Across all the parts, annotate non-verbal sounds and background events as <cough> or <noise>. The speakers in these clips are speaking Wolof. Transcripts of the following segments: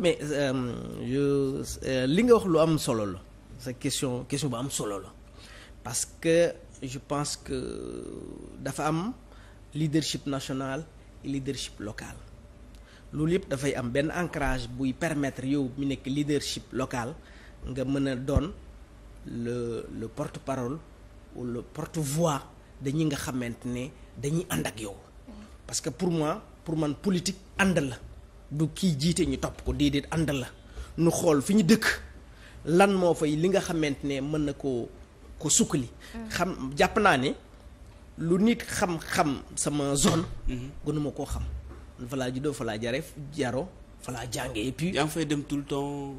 mais euh, euh, li nga wax lu am solo la sa question question am solo la parce que je pense que dafa am leadership national et leadership local loolu yëpp dafay am benn ancrage buy permettre yow mi nekk leadership local nga mën a doon le le porte-parole ou le porte-voix de nga xamante ne dañuy ànd ak yow parce que pour moi pour man politique ànd la du kii jiitee ñu topp ko déedéet ànd la nu xool fi ñu dëkk lan moo fay li nga xamante ne mën na koo ko sukkali mm. xam jàpp naa ne lu nit xam-xam sama zone mm-hmm. gënuma koo xam falaa juddoo falaa jare jaro falaa jànge et puis yaa ngi fay dem tout le temps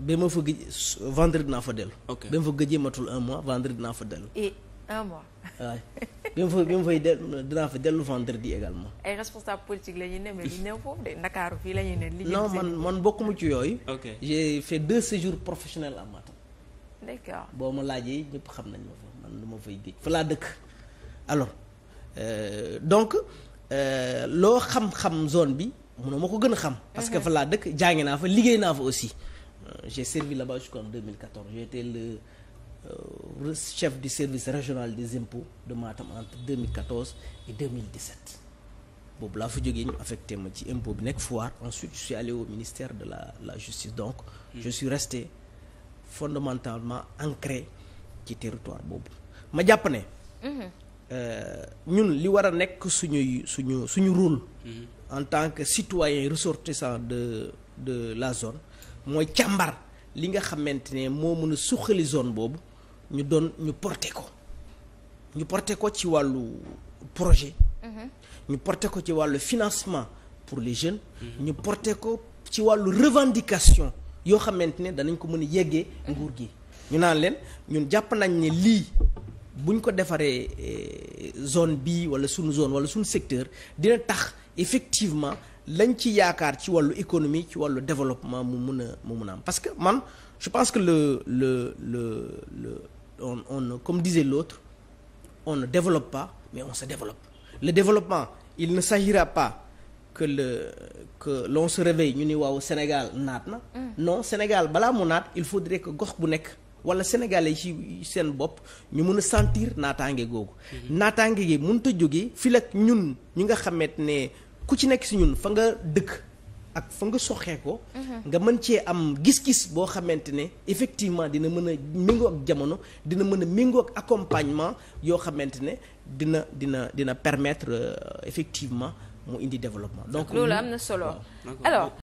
ba ma fa gëj vendredi naa fa dellu ba ma fa gëjee matul un mois vendredi naa fa dellu et un mois waaw <laughs> bi ma fa bi ma fay dellu dinaa fa dellu vendredi également. ay responsable politique la ñuy ne mais ñu néew foofu de Ndakaaru fii la ñuy ne. li non man man bokkuma ci yooyu. ok j'ai fait deux séjours professionnels boo ma laajee ñëpp xam nañ ma fa man du ma fay géej fa laa dëkk alors euh, donc euh, loo xam-xam zone bi mënoo ma ko gën a xam. parce que mhm. fa laa dëkk jàngi naa fa liggéey naa fa aussi. Euh, j'ai servi là-bas jusqu'en 2014 j'étais le Euh, chef du service régional des impôts de Matam entre 2014 et 2017 boobu laa fa jógee ñu affecté ma ci impôt bi nekk Foire ensuite je suis allé au ministère de la la justice donc hmm. je suis resté fondamentalement ancré ci territoire boobu ma jàpp ne hmm. euh, ñun li war a nekk suñuy suñu suñu rôle hmm. en tant que citoyen ressortissant de de la zone mooy càmbar li nga xamante ne moo mën a suqali zone boobu ñu doon ñu porté ko ñu porté ko ci wàllu projet mhm. ñu porte ko ci wàllu financement pour les jeunes mhm. ñu porte ko ci wàllu revendication yoo xamante ne danañ ko mën a yeggee nguur gi ñu naan leen ñun jàpp nañ ne lii buñ ko defaree eh, zone bii wala sunu zone wala suñu secteur dina tax effectivement lañ ci yaakaar ci wàllu économie ci wàllu développement mu mun a mu mun a am parce que man je pense que le le le le on on comme disait l'autre on ne développe pas mais on sa développe le développement il ne s'agira pas que le que l'on réveille ñu ni waaw Sénégal naat na mm. non Sénégal balaa mu naat il faudrait que gox bu nekk wala sénégalais yi seen bopp ñu mën a sentir naataange googu mm-hmm. naataange gi mënut a jógee fii ak ñun ñi nga xamante ne ku ci nekk si ñun fa nga dëkk ak fa nga soxee ko. Mhm. nga man cee am gis-gis boo xamante ne effectivement dina mën a méngoo ak jamono dina mën a méngoo ak accompagnement yoo xamante ne dina dina dina permettre euh, effectivement mu indi développement. donc loolu am na solo